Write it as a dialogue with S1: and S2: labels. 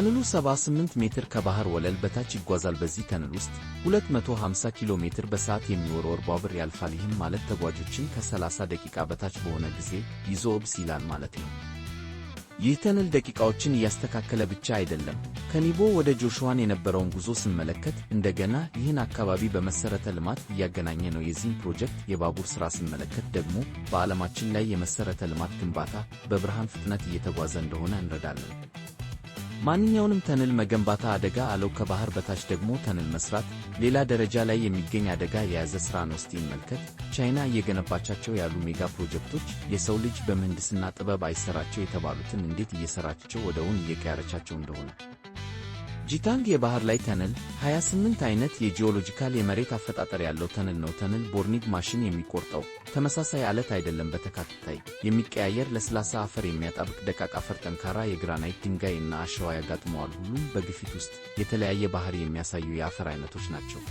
S1: ተንሉ 78 ሜትር ከባህር ወለል በታች ይጓዛል። በዚህ ከንል ውስጥ 250 ኪሎ ሜትር በሰዓት የሚወረወር ባቡር ያልፋል። ይህም ማለት ተጓዦችን ከ30 ደቂቃ በታች በሆነ ጊዜ ይዞ እብስ ይላል ማለት ነው። ይህ ተንል ደቂቃዎችን እያስተካከለ ብቻ አይደለም። ከኒቦ ወደ ጆሹዋን የነበረውን ጉዞ ስንመለከት እንደገና ይህን አካባቢ በመሰረተ ልማት እያገናኘ ነው። የዚህን ፕሮጀክት የባቡር ሥራ ስንመለከት ደግሞ በዓለማችን ላይ የመሠረተ ልማት ግንባታ በብርሃን ፍጥነት እየተጓዘ እንደሆነ እንረዳለን። ማንኛውንም ተንል መገንባታ አደጋ አለው። ከባህር በታች ደግሞ ተንል መስራት ሌላ ደረጃ ላይ የሚገኝ አደጋ የያዘ ስራ ነው። እስቲ እንመልከት። ቻይና እየገነባቻቸው ያሉ ሜጋ ፕሮጀክቶች የሰው ልጅ በምህንድስና ጥበብ አይሰራቸው የተባሉትን እንዴት እየሰራቸው ወደውን እየቀያረቻቸው እንደሆነ ጂታንግ የባህር ላይ ተንል 28 አይነት የጂኦሎጂካል የመሬት አፈጣጠር ያለው ተንል ነው። ተንል ቦርኒንግ ማሽን የሚቆርጠው ተመሳሳይ አለት አይደለም። በተካታይ የሚቀያየር ለስላሳ አፈር የሚያጣብቅ ደቃቅ አፈር፣ ጠንካራ የግራናይት ድንጋይ እና አሸዋ ያጋጥመዋል። ሁሉም በግፊት ውስጥ የተለያየ ባህሪ የሚያሳዩ የአፈር አይነቶች ናቸው።